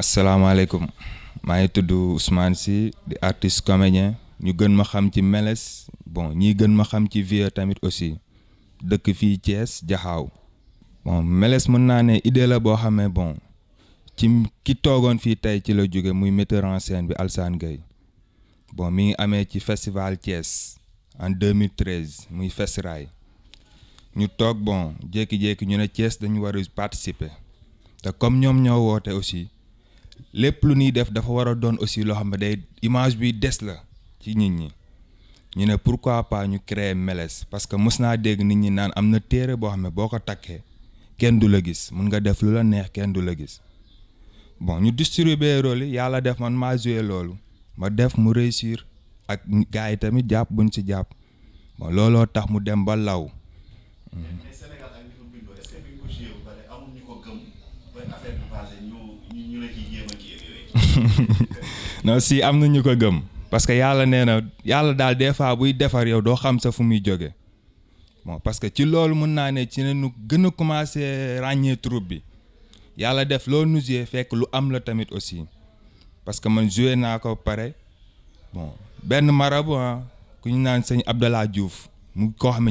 asalaamaaleykum maa ngi tudd Ousmane si di artiste comédien ñu gën ma xam ci Meles bon ñii gën ma xam ci Vieux tamit aussi dëkk fii Thiès Jaxaaw bon Meles mën naa ne idée la boo xamee bon ci ki toogoon fii tey ci la jóge muy metteur en scène bi Alsaan Gueye bon mi ngi amee ci festival Thiès en 2013 muy Fesraay ñu toog bon jékki-jékki ñu ne Thiès dañu war a participer te comme ñoom ñoo woote aussi lépp lu ñuy def dafa war a doon aussi loo xam ne day image bi des la ci nit ñi ñu ne pourquoi pas ñu créer meles parce que mës naa dégg nit ñi naan am na téere boo xam ne boo ko takkee kenn du la gis mun nga def lu la neex kenn du la gis bon ñu distribuer rôle yàlla def man maa loolu ma def mu réussir ak gars yi tamit jàpp buñ si jàpp bon looloo tax mu dem ba law. non si am na ñu ko gëm parce que yàlla nee na yàlla daal des fois buy defar yow doo xam sa fu muy jóge bon parce que ci loolu mun naa ne ci nañu gën a commencé ràññee troupe bi yàlla def loo nu joué fekk lu am la tamit aussi parce que man joué naa ko pare bon benn marabu ah ku ñu naan sëñ Abdallah juuf mu koo xam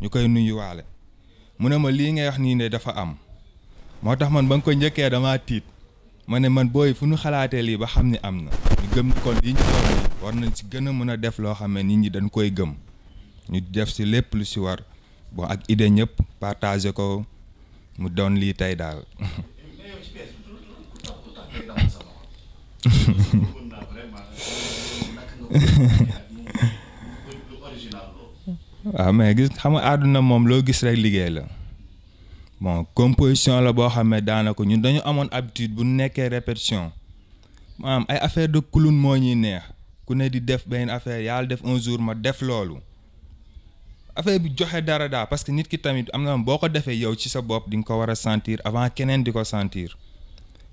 ñu koy nuyuwaale mu ne ma lii ngay wax nii ne dafa am moo tax man ba nga ko njëkkee dama tiit ma ne man booy fu ñu xalaatee lii ba xam ni am na ñu gëm ni kon lii ñu doon war nañ si gën a mën a def loo xam ne nit ñi dañ koy gëm ñu def si lépp lu si war bon ak idée ñëpp partage ko mu doon lii tey daal. waaw ah, mais gis xam nga àdduna moom loo gis rek liggéey la. bon composition la boo xam ne daanaka ñun dañu amoon habitude bu nekkee répétition maanaam ay affaire de clown moo ñuy neex ku ne di def benn affaire yàlla def un jour ma def loolu affaire bi joxe dara daa parce que nit ki tamit am na boo ko defee yow ci sa bopp di nga ko war a sentir avant keneen di ko sentir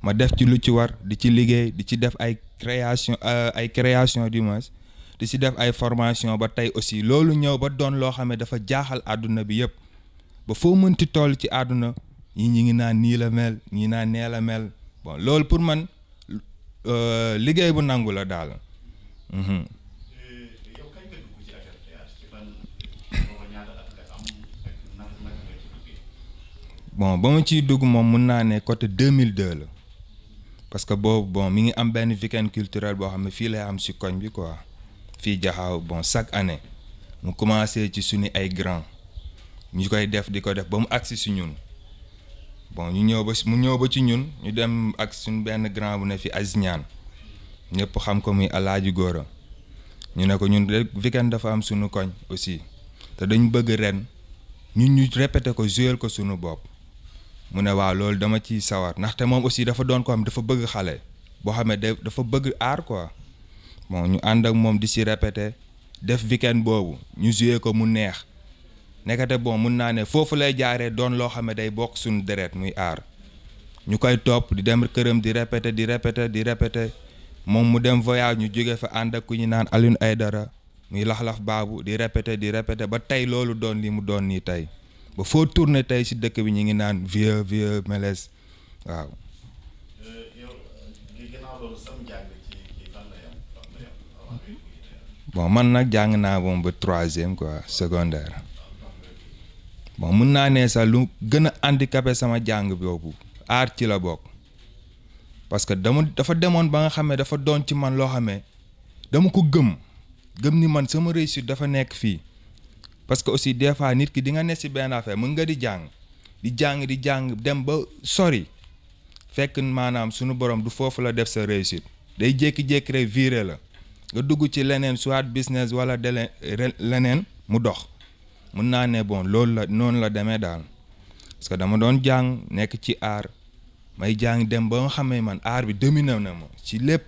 ma def ci lu ci war di ci liggéey di ci def ay création euh, ay création du di ci def ay formation ba tey aussi loolu ñëw ba doon loo xam ne dafa jaaxal àdduna bi yëpp ba foo mënti tool ci àdduna ñi ñu ngi naan nii la mel ñi naan nee la mel bon loolu pour man euh, liggéey bu nangu la daal. Mhm. bon ba ma ciy dugg moom mun naa ne côté 2002 la parce que boobu bon mi ngi am benn weekend culturel boo xam ne fii lay am si koñ bi quoi fii jaxaaw bon chaque année mu commencé ci suñu ay grand ñu koy def di ko def ba mu agsi si ñun bon ñu ñëw ba mu ñëw ba ci ñun ñu dem ak suñ benn grand bu ne fi Aziñaan ñëpp xam ko muy alaaji góora ñu ne ko ñun rek weekend dafa am suñu koñ aussi te dañ bëgg ren ñun ñu répété ko jouer ko sunu bopp mu ne waa loolu dama ciy sawar ndaxte moom aussi dafa doon ko am dafa bëgg xale boo xam ne dafa bëgg aar quoi bon ñu ànd ak moom di si répété def weekend boobu ñu jouer ko mu neex nekkate bon mun naa ne foofu lay jaaree doon loo xam ne day bokk suñu deret muy aar ñu koy topp di dem këram di répété di répété di répété moom mu dem voyage ñu jóge fa ànd ak ku ñu naan Alioune Aydara muy lax baabu di répété di répété ba tey loolu doon li mu doon nii tey ba foo tourné tey si dëkk bi ñu ngi naan vieux vieux Mélès waaw. bon man nag jàng naa moom ba troisième quoi secondaire. bon mun naa nee sax lu gën a handicapé sama jàng boobu aar ci la bokk parce que dama dafa demoon ba nga xam ne dafa doon ci man loo xam ne dama ko gëm gëm ni man sama réussite dafa nekk fii parce que aussi des fois nit ki di nga ne si benn affaire mën nga di jàng di jàng di jàng dem ba sori fekk maanaam sunu borom du foofu la def sa réussit day jékki-jékki rek viré la nga dugg ci leneen soit business wala de leneen mu dox mun naa ne bon loolu la noonu la demee daal parce que dama doon jàng nekk ci aar may jàng dem ba nga xamee man aar bi dominé na ma ci lépp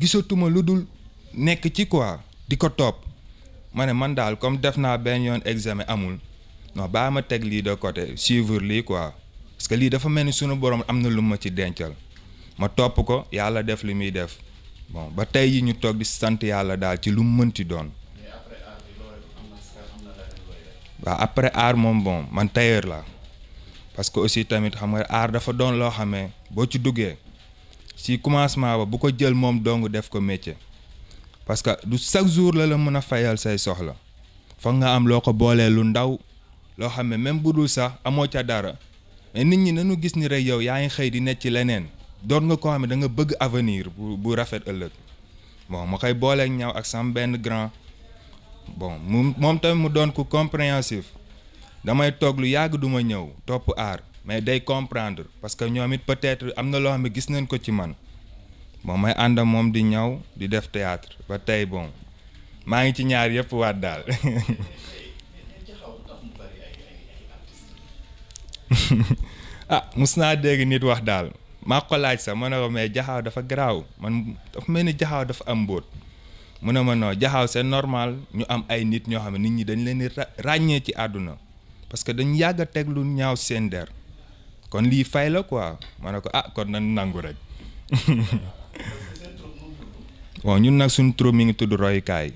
gisatuma lu dul nekk ci quoi di ko topp ma ne man daal comme def naa benn yoon examen amul non baa ma teg lii de côté suivre lii quoi parce que lii dafa mel ni sunu borom am na lu ma ci dencal ma topp ko yàlla def li muy def bon ba tey yi ñu toog di sant yàlla daal ci lu mu mënti doon. waaw après aar moom bon man tailleur laa parce que aussi tamit xam nga aar dafa doon loo xamee boo ci duggee si commencement ba bu ko jël moom dong def ko métier parce que du chaque jour la la mën a fayal say soxla foog nga am loo ko boolee lu ndaw loo xam ne même bu dul sax amoo ca dara mais nit ñi nañu gis ni rek yow yaa ngi xëy di nekk ci leneen doon nga koo xam ne da nga bëgg avenir bu bu rafet ëllëg bon ma koy booleeg ñaw ak sam benn grand bon mu moom tamit mu doon ku compréhensif damay toog lu yàgg du ma ñëw topp aar mais day comprendre parce que ñoom it peut-être am na loo xam ne gis nañ ko ci man bon may àndam moom di ñaw di def théâtre ba tey bon maa ngi ci ñaar yëpp waat daal. ah mus naa dégg nit wax daal maa ko laaj sax ma ne ko mais jaxaaw dafa garaaw man dafa mel ni jaxaw dafa am mbóot. mu na ma non jaxaaw seen normal ñu am ay nit ñoo xam ne nit ñi dañ leen di ràññee ci àdduna parce que dañ yàgg a teg lu ñaaw seen der kon lii fay la quoi ma ne ko ah nañ nangu rek bon ñun nag suñu troupe mi ngi tudd royukaay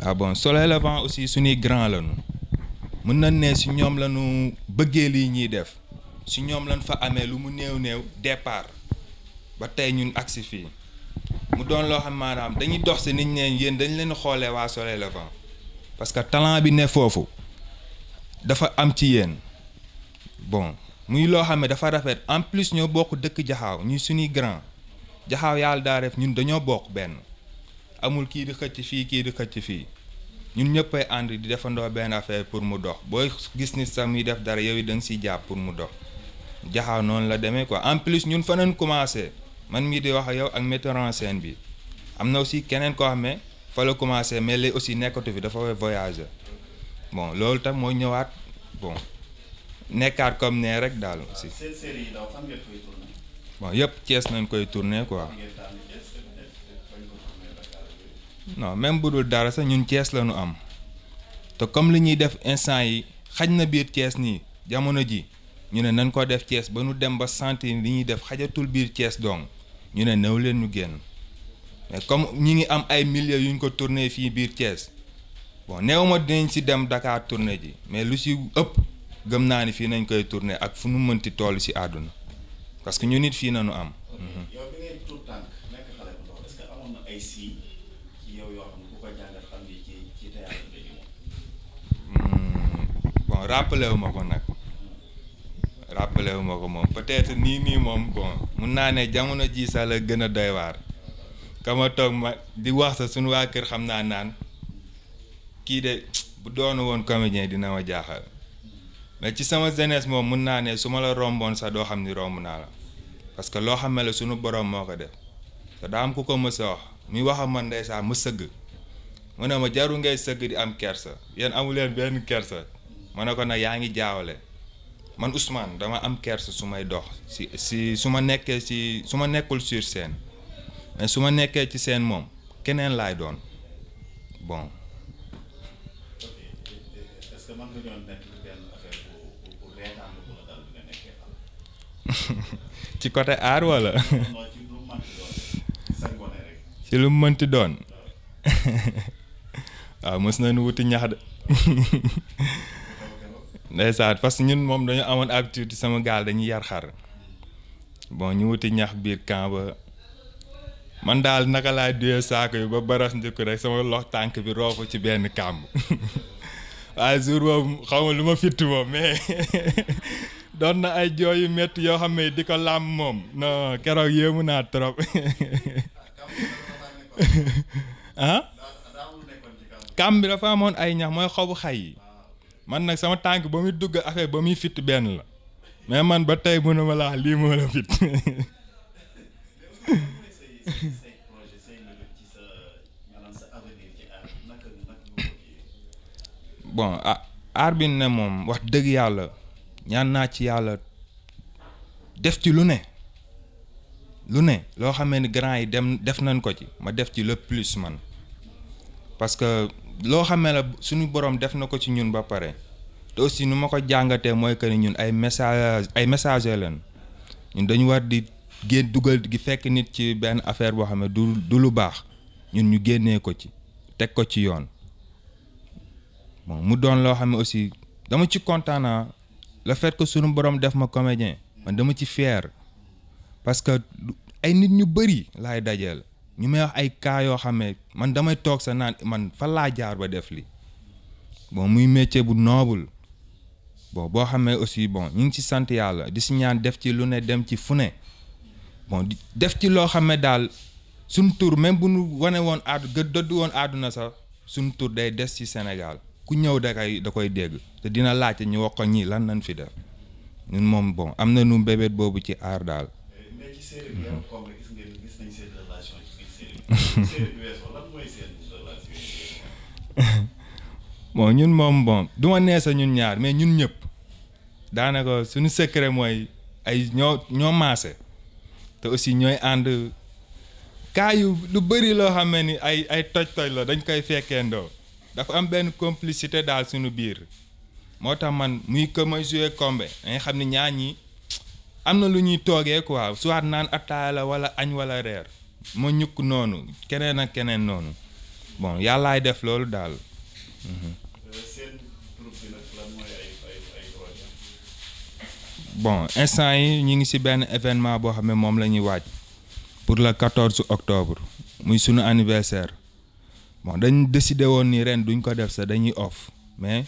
ah bon Soleil Levant aussi suñuy grand lañu mën nañ ne si ñoom lañu bëggee lii ñuy def si ñoom lañ fa amee lu mu néew néew départ ba tey ñun agsi fii mu doon loo xam maanaam dañuy dox si nit ñeen yéen dañu leen xoolee waa Soleil Levant parce que talent bi ne foofu dafa am ci yéen bon muy loo xam ne dafa rafet en plus ñoo bokk dëkk jaxaaw ñuy suñuy grand jaxaw yàlla daa def ñun dañoo bokk benn amul kii xëcc fii kii di xëcc fii ñun ñëppay ànd di defandoo benn affaire pour mu dox booy gis ni sax muy def dara yow yi da nga siy jàpp pour mu dox jaxaaw noonu la demee ko en plus ñun fa nañ commencé man mii di wax ak yow ak metteur en bi am na aussi keneen ko xam ne fa la commencé mais léegi aussi nekkatu fi dafa voyager bon loolu tam moo ñëwaat bon nekkaat comme nee rek daal aussi. bon yëpp Thiès nañ koy tourner quoi. non même bu dul dara sax ñun cees la am te comme li ñuy def instant yi xaj na biir Thiès nii jamono ji ñu ne nañ ko def cees ba nu dem ba sentir li ñuy def xajatul biir Thiès dong ñu ne new leen ñu génn mais comme ñi ngi am ay millier yu ñu ko tourné fii biir Thiès bon néew ma dinañ si dem Dakar tourné ji mais lu si ëpp gëm naa ni fii nañ koy tourné ak fu nu mënti toll si àdduna parce que ñu nit fii nañu am. Mhm. yow yow yoo xam ko jàngal hmm. rappelé wu ma ko nag. rappelé ko moom peut nii nii moom bon mun naa ne jamono jii sax la gën a doy waar kama ma di wax sa suñu waa kër xam naa naan kii de bu doon woon comédien dina ma jaaxal mais ci sama jeunesse moom mun naa ne su ma la romboon sax doo xam ni romb naa la parce que loo xam ne la suñu borom moo ko def te daa am ku ko mës a wax mi wax a man ma sëgg mu ma jaru ngay sëgg di am kersa yéen amu benn kersa ma ne ko nag yaa ngi jaawale. man usmaan dama am kersa su may dox si si su ma nekkee si su ma nekkul sur seen mais su ma nekkee ci seen moom keneen laay doon bon. ci côté aar wala. ci lu mu mënti doon. waaw na nañu wuti ñax de. ndeysaan parce que ñun moom dañu amoon habitude sama gaal dañuy yar xar bon ñu wuti ñax biir camp ba man daal naka laay duyee saako yi ba baras njëkk rek sama lox tànk bi roofu ci benn kam waaye jour boobu xaw ma lu ma fitt moom doon na ay jooy yu métti yoo xam ne di ko làmm moom non keroog yéemu naa trop ah kàmb bi dafa amoon ay ñax mooy xobu xay yi man nag sama tànk ba muy dugg affaire ba muy fitt benn la mais man ba tey mënu ma laax lii moo la fit bon ah aar bi ne moom wax dëgg yàlla ñaan naa ci yàlla def ci lu ne lu ne loo xamee ni grand yi dem def nañ ko ci ma def ci le plus man parce que loo xam ne la suñu borom def na ko ci ñun ba pare te aussi nu ma ko jàngatee mooy que ni ñun ay message ay messager lañ ñun dañu war di génn dugal gi fekk nit ci benn affaire boo xam ne du du lu baax ñun ñu génnee ko ci teg ko ci yoon bon mu doon loo xam ne aussi dama ci kontaan ah. le fait ko sunu borom def ma comédien man dama ci fier parce que ay nit ñu bëri laay la ñu may wax ay kaa yoo xam ne man damay toog sa naan man fan laa jaar ba def li bon muy métier bu noble bon boo xamee aussi bon ñu ngi ci sant yàlla di si ñaan def ci lu ne dem ci fu ne bon def ci loo xam ne daal suñ tur même bu ñu wane woon aadu dëdd woon àdduna sax suñ tur day des ci Sénégal ku ñëw da koy da koy dégg te dina laajte ñu wax ko ñii lan nañ fi def ñun moom bon am na nu mbebet boobu ci aar daal. bon ñun moom bon du ma nee sa ñun ñaar mais ñun ñëpp daanaka suñu secret mooy ay ñoo ñoo maase te aussi ñooy ànd cas yu lu bëri loo xam ne ni ay ay toj-toj la dañ koy fekkee ndoo dafa am benn complicité daal suñu biir moo tax man muy que ma joué combe dañ xam ne ñaa ñi am na lu ñuy toogee quoi soit naan attaaya la wala añ wala reer. ma ñukk noonu keneen ak keneen noonu bon yàllaay def loolu daal. Mhm. bon instant yi ñu ngi ci benn événement boo xam ne moom la ñuy waaj pour le 14 octobre muy sunu anniversaire bon dañ décidé woon nii ren duñ ko def sax dañuy off mais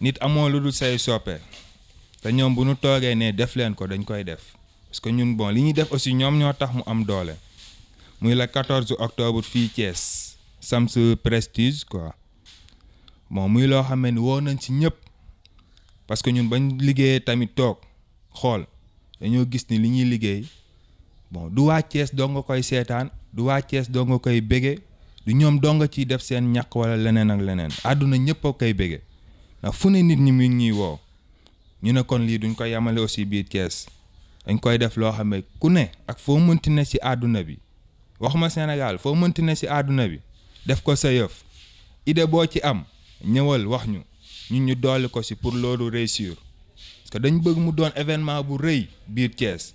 nit amoo lu dul say soppe te ñoom bu ñu toogee ne def leen ko dañ koy def parce que ñun bon li ñuy def aussi ñoom ñoo tax mu am doole. muy le 14 octobre fii Thiès Sams Prestige quoi bon muy loo xame ne woo nañ ci ñëpp parce que ñun bañ liggéeyee tamit toog xool dañoo gis ni li ñuy liggéey bon du waa Thiès doo nga koy seetaan du waa cees doo nga koy bége du ñoom doo nga ciy def seen ñàkk wala leneen ak leneen àdduna ñëpp koy bége ndax fu ne nit ñi muy ñuy woo ñu ne kon lii duñ ko yemale aussi biir Thiès dañ koy def loo xam ne ku ne ak foo mënti ne ci àdduna bi. waxuma Sénégal foo mënti ne si àdduna bi def ko sa yëf idée boo ci am ñëwal wax ñu ñun ñu dolli ko si pour loolu réussir parce que dañ bëgg mu doon événement bu rëy biir Thiès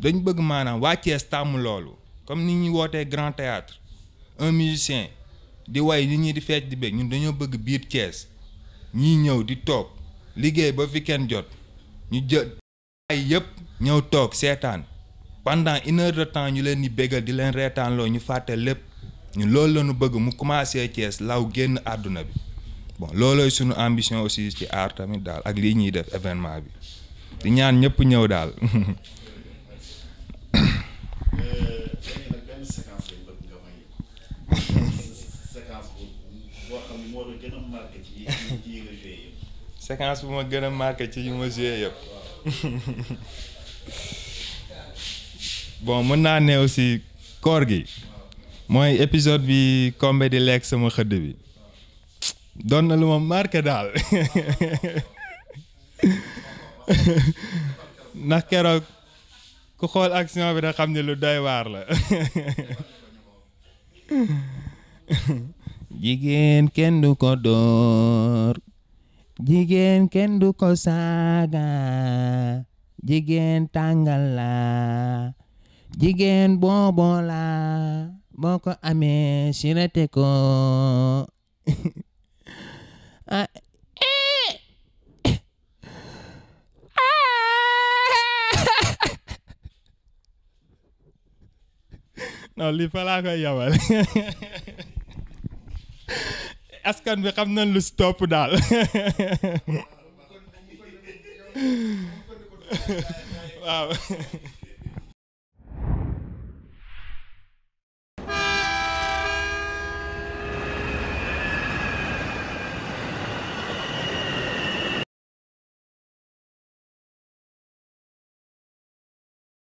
dañ bëgg maanaam waa Thiès tàmm loolu comme ni ñuy wootee grand théâtre un musicien di way nit ñi di feet di bëgg ñun dañoo bëgg biir Thiès ñi ñëw di toog liggéey ba fi jot ñu jël ay yëpp ñëw toog seetaan pendant une heure de temps ñu leen di béggal di leen reetaanloo ñu fàtte lépp ñu loolu la ñu bëgg mu commencé Thiès law génn àdduna bi bon loolooy suñu ambition aussi ci aar tamit daal ak lii ñuy def événement bi di ñaan ñëpp ñëw daal. Euh, bon mën naa ne aussi koor gi mooy épisode bi Combé di lekk sama xëdd bi doon na lu ma marqué daal ndax keroog ku xool action bi da xam ne lu doy waar la jigéen kenn du ko dóor jigéen kenn du ko saaga jigéen tàngal la jigéen bonbon la boo ko amee sirete ko ah non lii fa laa koy yabal askan bi xam lu stop daal waaw